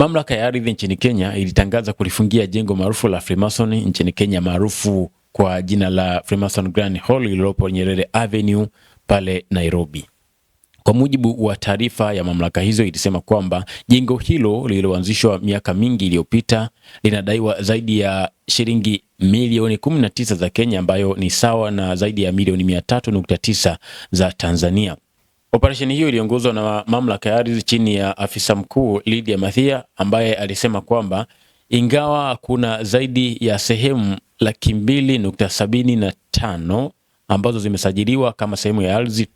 Mamlaka ya ardhi nchini Kenya ilitangaza kulifungia jengo maarufu la Freemason nchini Kenya maarufu kwa jina la Freemason Grand Hall lililopo Nyerere Avenue pale Nairobi. Kwa mujibu wa taarifa ya mamlaka hizo, ilisema kwamba jengo hilo lililoanzishwa miaka mingi iliyopita linadaiwa zaidi ya shilingi milioni 19 za Kenya, ambayo ni sawa na zaidi ya milioni 300.9 za Tanzania. Operesheni hiyo iliongozwa na mamlaka ya ardhi chini ya afisa mkuu Lydia Mathia ambaye alisema kwamba ingawa kuna zaidi ya sehemu laki mbili nukta sabini na tano ambazo zimesajiliwa kama sehemu ya ardhi,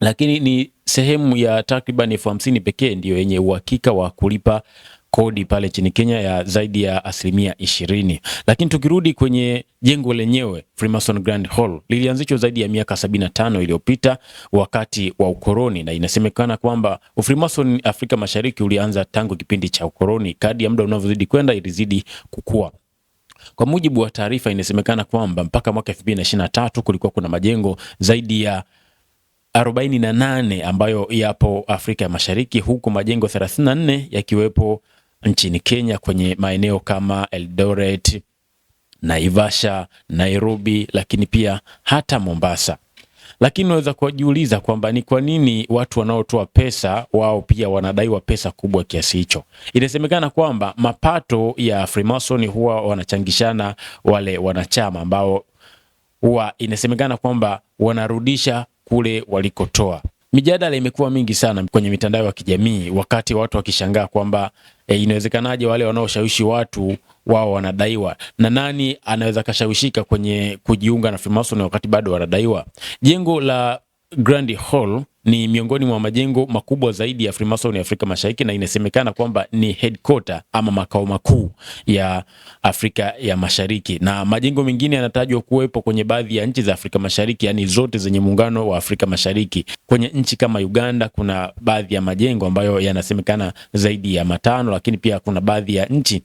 lakini ni sehemu ya takriban elfu hamsini pekee ndiyo yenye uhakika wa kulipa kodi pale chini Kenya ya zaidi ya asilimia ishirini. Lakini tukirudi kwenye jengo lenyewe, Freemason Grand Hall lilianzishwa zaidi ya miaka tano iliyopita wakati wa ukoloni, na inasemekana kwamba Freemason Afrika Mashariki ulianza tangu kipindi cha ukoloni. ya muda unavyozidi kwenda, ilizidi kukua. Kwa mujibu wa taarifa, inasemekana kwamba mpaka mwaka 2023 kulikuwa kuna majengo zaidi ya 48 ambayo yapo Afrika ya Mashariki, huku majengo 34 yakiwepo nchini Kenya kwenye maeneo kama Eldoret, Naivasha, Nairobi, lakini pia hata Mombasa. Lakini unaweza kujiuliza kwamba ni kwa nini watu wanaotoa pesa wao pia wanadaiwa pesa kubwa kiasi hicho. Inasemekana kwamba mapato ya Freemason huwa wanachangishana wale wanachama ambao huwa inasemekana kwamba wanarudisha kule walikotoa. Mijadala imekuwa mingi sana kwenye mitandao ya kijamii, wakati watu wakishangaa kwamba e, inawezekanaje wale wanaoshawishi watu wao wanadaiwa, na nani anaweza kashawishika kwenye kujiunga na Freemason wakati bado wanadaiwa? Jengo la Grand Hall ni miongoni mwa majengo makubwa zaidi ya Freemason Afrika Mashariki na inasemekana kwamba ni headquarter ama makao makuu ya Afrika ya Mashariki, na majengo mengine yanatajwa kuwepo kwenye baadhi ya nchi za Afrika Mashariki, yani zote zenye muungano wa Afrika Mashariki. Kwenye nchi kama Uganda kuna baadhi ya majengo ambayo yanasemekana zaidi ya matano, lakini pia kuna baadhi ya nchi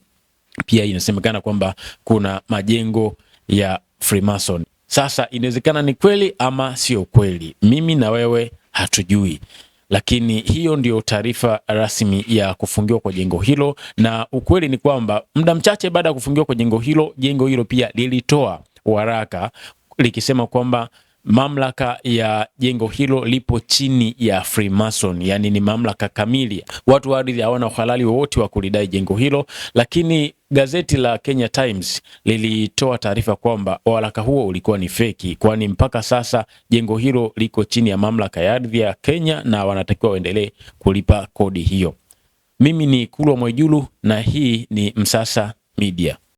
pia inasemekana kwamba kuna majengo ya Freemason. Sasa inawezekana ni kweli ama sio kweli, mimi na wewe hatujui, lakini hiyo ndiyo taarifa rasmi ya kufungiwa kwa jengo hilo, na ukweli ni kwamba muda mchache baada ya kufungiwa kwa jengo hilo, jengo hilo pia lilitoa waraka likisema kwamba mamlaka ya jengo hilo lipo chini ya Freemason, yani ni mamlaka kamili. Watu wa ardhi hawana uhalali wowote wa kulidai jengo hilo, lakini gazeti la Kenya Times lilitoa taarifa kwamba waraka huo ulikuwa ni feki, kwani mpaka sasa jengo hilo liko chini ya mamlaka ya ardhi ya Kenya na wanatakiwa waendelee kulipa kodi hiyo. Mimi ni Kulwa Mwejulu na hii ni Msasa Media.